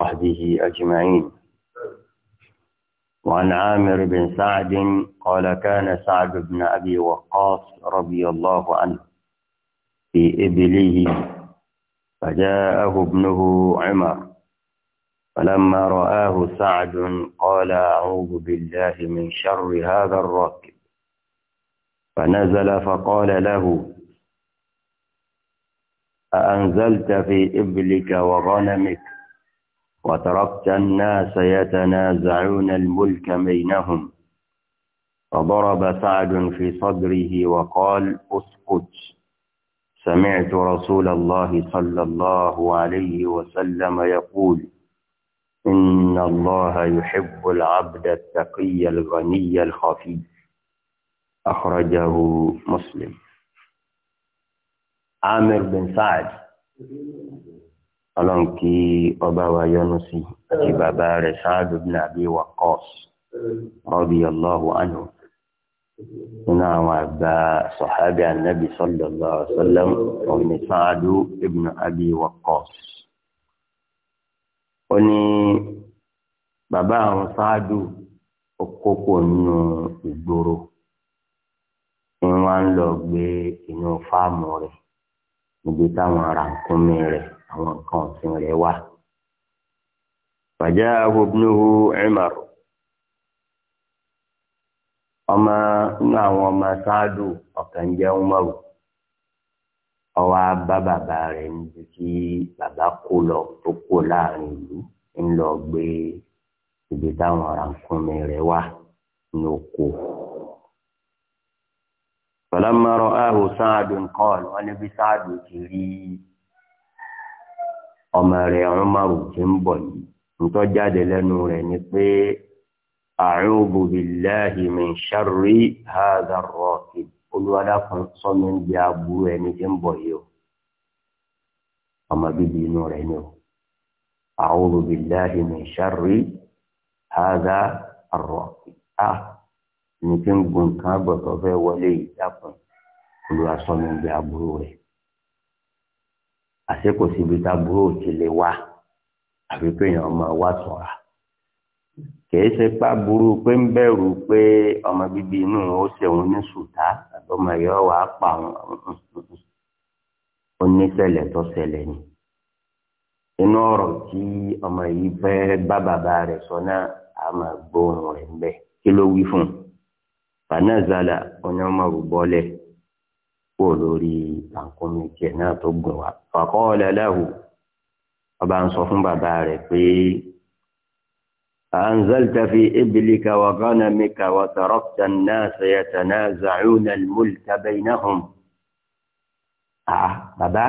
وصحبه أجمعين وعن عامر بن سعد قال كان سعد بن أبي وقاص رضي الله عنه في إبله فجاءه ابنه عمر فلما رآه سعد قال أعوذ بالله من شر هذا الراكب فنزل فقال له أأنزلت في إبلك وغنمك وتركت الناس يتنازعون الملك بينهم فضرب سعد في صدره وقال اسكت سمعت رسول الله صلى الله عليه وسلم يقول إن الله يحب العبد التقي الغني الخفيف أخرجه مسلم عامر بن سعد ọlọ́run kí ọba wa yọ́nú sí àti bàbá rẹ̀ sáàdù bin Abi Waqqas radiyallahu anhu nínú àwọn àgbà sọ̀hábì ànábì sallallahu alaihi wasallam òní sáàdù ibn Abi Waqqas. ó ní bàbá àwọn sáàdù kókó nínú ìgboro ni wọ́n lọ gbé inú fáàmù rẹ̀ níbi táwọn arákùnrin rẹ̀. àwọn nǹkan ọ̀sìn rẹ̀ wà. fàjá ahobnuhu Umar ọmọ inú àwọn ọmọ sáádù ọ̀kan jẹ́ Umaru ọwọ́ bá bàbá rẹ̀ níbi tí bàbá kó lọ tó kó láàrin ìlú ń lọ gbé ibi táwọn ọmọ rẹ̀ ọ̀run márùn tí ń bọ̀ yìí ntọ́ jáde lẹ́nu rẹ̀ ni pé a'udhu billahi min sharri hadha ar-rakib olùwádàkùn sọ́mi ń di aburú ẹni tí ń bọ̀ yìí o ọmọ bíbí inú rẹ̀ ni o a'udhu billahi min sharri hadha a ní kí n gun kan gbọ̀tọ̀ fẹ́ wọlé yìí dákun olùwàsọ́mi ń di aburú rẹ̀ àṣekò síbi tábúrò ti lè wá àfi pé èèyàn máa wá sọ̀ra kìí ṣe pa burú pé ń bẹ̀rù pé ọmọ bíbí inú ó ṣeun ní sùtá àbọ̀mọ̀ yóò wá pa àwọn ó ní ṣẹlẹ̀ tó ṣẹlẹ̀ ni inú ọ̀rọ̀ tí ọmọ yìí fẹ́ bá bàbá rẹ̀ sọ náà a máa gbóhùn rẹ̀ ń bẹ̀ kí ló wí fún un fanazala oní ọmọ kó lórí àkómi tiẹ̀ náà tó gùn wá. faqala lahu ọba ń sọ fún bàbá rẹ̀ pé anzalta fi iblika wa ghanamika wa tarakta an-nasa yatanaza'una al-mulka baynahum. àà bàbá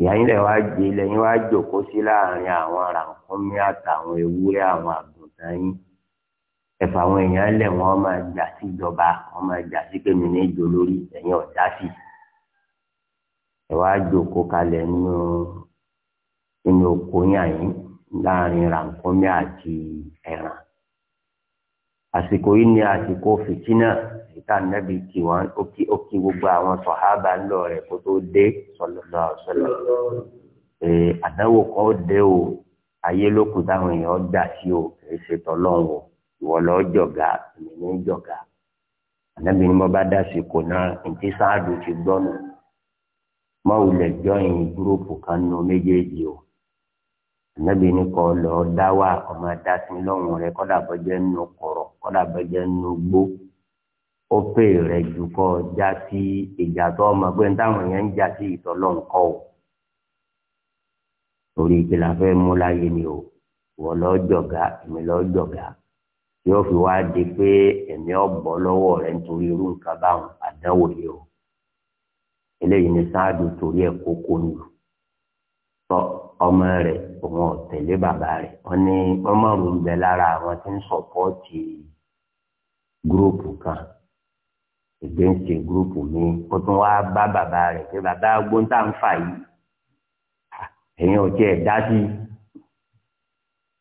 ìyá yín lẹ̀ wá jẹ́ wá ẹ̀fà àwọn èèyàn lẹ̀ wọ́n máa jà sí ìjọba wọ́n máa jà sí pé mi ní ìjọ lórí ẹ̀yìn ọ̀dá sí ẹ̀ wá jòkó nínú nínú oko yàn láàrin rànkómi àti ẹ̀ràn àsìkò yìí ni àsìkò fìtínà ìta nẹ́bi kí wọ́n ó kí gbogbo àwọn sọ̀hábà ńlọ rẹ̀ kó tó dé sọlọ́lọ́ sọlọ́ àdánwò kan ó dé o ayé lókùn táwọn èèyàn gbà sí o kì í ṣe tọ́lọ́run o ìwọ lọ jọ̀gá èmi ní jọ̀gá ànábì ni mo bá dá sí kò náà ntí sáàdù ti gbọ́nù má ò lè jọyìn gúrúùpù kan nu méjèèjì o ànábì ni kò lọ dá wà ọmọ dá sí lọ́hùn rẹ kọ́dà bọ́jẹ́ nu kọ̀rọ̀ kọ́dà bọ́jẹ́ nu gbó ó pè rẹ jù kọ́ ìjà tó ọmọ pé táwọn yẹn ń já sí ìtọ́lọ́nkọ́ o torí ìkìlà fẹ́ mú láyé ni o wọ́n lọ́ọ́ jọ̀gá èmi lọ́ọ́ jọ̀gá yóò fi wá di pé ẹ̀mí ọ̀bọ̀ lọ́wọ́ rẹ̀ nítorí irú nǹkan báwọn àdánwò yìí o eléyìí ni sáàdù torí ẹ̀ kókó nù tọ́ ọmọ rẹ̀ òun ọ̀tẹ̀lé bàbá rẹ̀ wọ́n ní wọ́n mọ̀ ń bẹ lára àwọn tí ń sọ̀pọ́ọ̀tì gúrúùpù kan ìgbẹ́ǹsì gúrúùpù mi ó tún wá bá bàbá rẹ̀ pé bàbá gbóńtà ń fà yìí ẹ̀yin ò tiẹ̀ dá sí i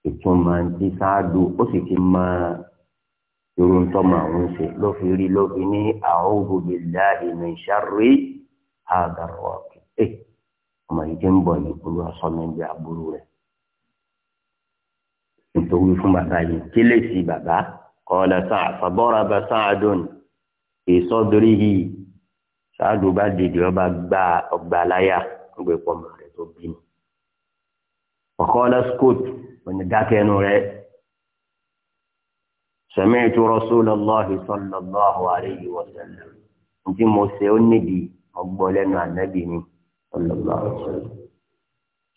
ìtumọ̀ ti sáájú ó sì ti mọ irú tó máa ń ṣe ló fi rí ló fi ní a'udhu billahi min sharri hadha ar-raqib ẹ̀ eh, ọmọ yìí ti ń bọ̀ ní olú asọ́nà ibi àbúrò rẹ̀ nítorí fún bàbá yìí kí lè sí bàbá qala Sa'd fadaraba Sa'dun fi sadrihi Sa'du bá dìde ọba gba ọgbà láyà ń gbé pọ̀ mọ́ rẹ̀ tó bí ni. wa qala òní dákẹ́nu rẹ̀. sami'tu rasulallahi sallallahu alayhi wa sallam ntí mo ṣe ó nídìí ọgbọ́ lẹ́nu ànábì ni sallallahu alayhi wa sallam.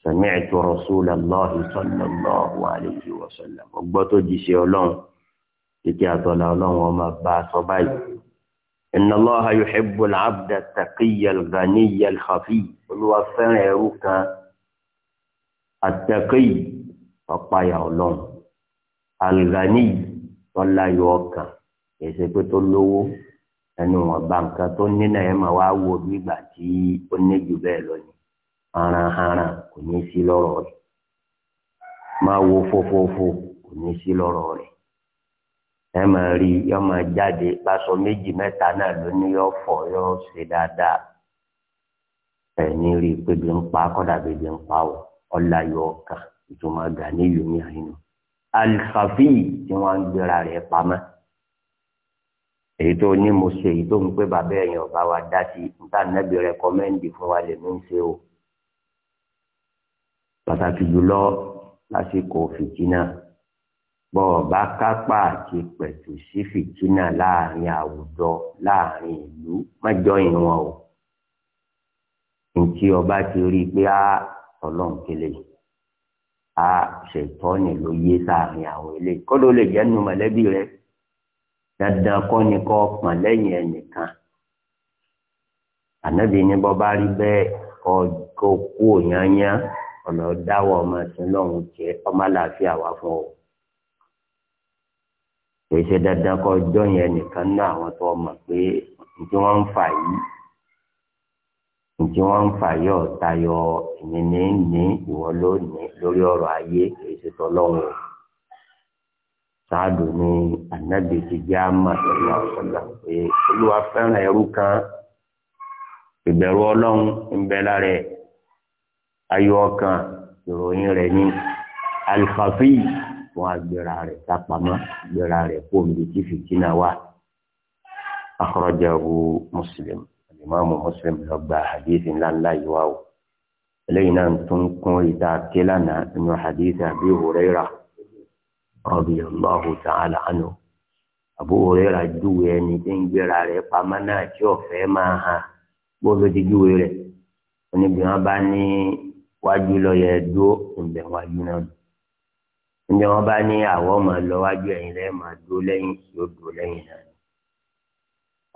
sami'tu rasulallahi sallallahu alayhi wa sallam ọgbọ́ tó jíṣẹ́ ọlọ́run kíkẹ́ àtọ́lá ọlọ́run ọmọ bá a sọ báyìí. inna Allaha yuhibbul abda at-taqiyya al-ghaniyya al-khafiyya ọ̀páyà ọlọ́run alghani tọ́láyọ̀ ọkàn èsì pé tó lówó ẹnu wọn bá nǹkan tó ní náà ẹ máa wá wo bí ìgbà tí ó ní jù bẹ́ẹ̀ lọ ni haranharan kò ní sí lọ́rọ̀ rẹ̀ máa wo fófófó kò ní sí lọ́rọ̀ rẹ̀ ẹ máa rí yọ máa jáde báṣọ méjì mẹ́ta náà ló ní yọ fọ yọ ṣe dáadáa ẹ ní rí i pé bí ń pa kọ́dà bí ń pa ọ ọ̀la ọkàn ìtumọ̀ ganiyu ní àyínú alikafi tí wọ́n ń gbéra rẹ̀ pamọ́ èyí tó ní mo ṣe èyí tó ń pé bàbá ẹ̀yìn ọba wa dá sí níta nẹ́bí rẹ́kọ́mẹ́ǹdì fún wa lè mú ṣe o pàtàkì jùlọ lásìkò fìtínà bọ́ ọba kápá àti pẹ̀tù sí fìtínà láàrin àwùjọ láàrin ìlú mẹ́jọ ìwọ̀n o ntí ọba ti rí i pé á ọlọ́run kele yìí a ṣètọ́ni ló yé sáàrin àwọn ilé kọ́dọ̀ lè jẹ́ nu mọ̀lẹ́bí rẹ dandan kọ́ ni kọ́ pọ̀n lẹ́yìn ẹnìkan ànábì ní bọ́ bá rí bẹ́ẹ̀ kọ́ kó kú òyányá ọ̀nà dáwọ̀ ọmọ sí lọ́hùn jẹ́ ọmọ àlàáfíà wá fún ọ. kì í ṣe dandan kọ́ jọ́yìn ẹnìkan náà àwọn tó mọ̀ pé tí wọ́n ń fà yìí nti wọn ń fa yọ tayọ ìnìní ní ìwọ lónìí lórí ọ̀rọ̀ ayé èsì tọlọ́run sáàdù ní ànábì ti jẹ àmà ìlà ọsọlá pé olúwa fẹ́ràn ẹrú kan ìbẹ̀rù Ọlọ́run ń bẹ lára ẹ ayọ̀ ọkàn ìròyìn rẹ̀ ní alifafi wọn agbèrà rẹ̀ sápamọ́ agbèrà rẹ̀ kó omi tí fìtínà wà akọrọjà ru mùsùlùmí ìmáàmù Muslim lọ gba hadith ńláńlá yìí wá o eléyìí náà tún kún ìta kílànà nínú hadith Abi Hurairah radiyallahu ta'ala anhu Abu Hurairah júwe ẹni tí ń gbéra rẹ̀ pamọ́ náà tí ọ̀fẹ́ máa hàn bó ló ti júwe rẹ̀ oníbìrán bá ní wájú lọ́yẹ dúró ìbẹ̀ wájú náà ǹjẹ́ wọ́n bá ní àwọn ọmọ lọ wájú ẹ̀yìn lẹ́yìn máa dúró lẹ́yìn yóò dúró lẹ́yìn náà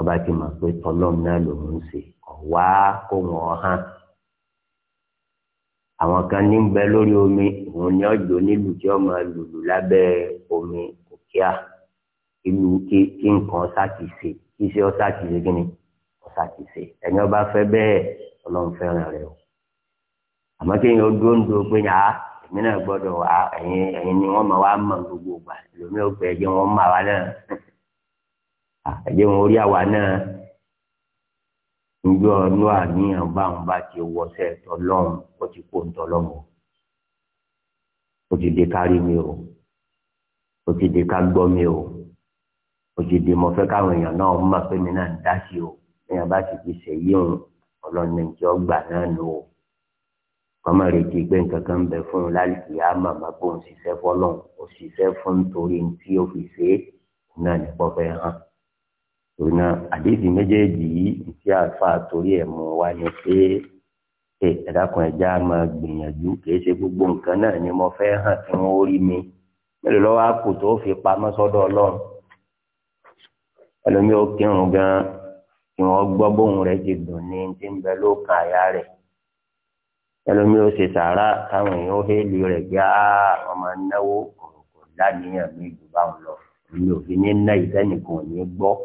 ọba ti mọ̀ pé tọlọ́m náà lòun ń ṣe ọ̀wá kó wọn hàn àwọn kan ní bẹ lórí omi òun ni ọjọ́ nílùú tí ọmọ lùlù lábẹ́ omi òkèà ìlú kí nǹkan ṣàkìsì kí iṣẹ́ ọ̀ṣàkìsì kí ni ọ̀ṣàkìsì ẹni ọba fẹ́ bẹ́ẹ̀ ọlọ́run fẹ́ràn rẹ o àmọ́ kí èèyàn dúró ń do pé yà á èmi náà gbọ́dọ̀ wà ẹ̀yin ẹ̀yin ni wọ́n máa wá mọ̀ gbogbo ìgbà lómi ò pẹ́ jẹ́ wọ́n máa wá náà àjẹ́ wọn orí àwa náà njọ ọdún àníyàn bá wọn bá ti wọṣẹ tọlọ́run ó ti kó tọlọ́run o ó ti di kárí mi o ó ti di ká gbọ́ mi o ó ti di mo fẹ́ káwọn èèyàn náà mọ̀ pé mi náà ń dá sí o èèyàn bá ti fi ṣèyí òun ọlọ́run ní ìjọ gbà náà nù o kọ́mọ retí pé nǹkan kan ń bẹ fún un láìsí á màmá kó ń ṣiṣẹ́ fọ́lọ́run ó ṣiṣẹ́ fún nítorí tí ó fi ṣe é náà nípò fẹ́ hàn torí náà àdéhùn méjèèjì yìí tí àfa torí ẹ̀ mú wa ni pé ẹ ẹ̀dákan ẹ̀já máa gbìyànjú kìí ṣe gbogbo nǹkan náà ni mo fẹ́ hàn kí wọ́n rí mi mélòó lọ́wọ́ àpò tó fi pamọ́ sọ́dọ̀ ọlọ́run ẹlòmíì ó kírun gan kí wọ́n gbọ́ bóun rẹ̀ ti dùn ní ti ń bẹ lókàn àyà rẹ̀ ẹlòmíì ó ṣe sàárà táwọn èèyàn ó hélì rẹ̀ gbé àwọn máa náwó kò láníyàn ní ìdúbà wọn lọ èmi ò fi ní ná ìfẹ́ nìkan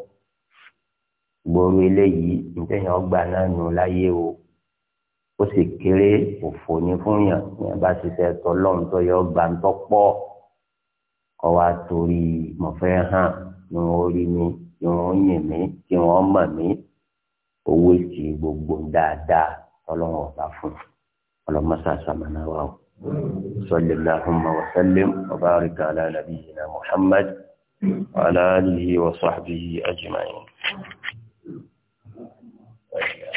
gbòòrò eléyìí ntẹ̀yìn ọgbà náà nù láyé o ó sì kéré òfò ní fún yàn yàn bá ṣiṣẹ́ tọ́ lọ́run tó yọ ọgbà ń tọ́pọ̀ kọ́ wa torí mọ̀fẹ́ hàn ni wọ́n rí mi kí wọ́n yìn mí kí wọ́n mọ̀ mí owó ìsì gbogbo dáadáa ọlọ́run ọ̀tá fún ọlọ́mọṣà sàmánà wa o. صلى اللهم وسلم وبارك على نبينا محمد وعلى آله وصحبه أجمعين like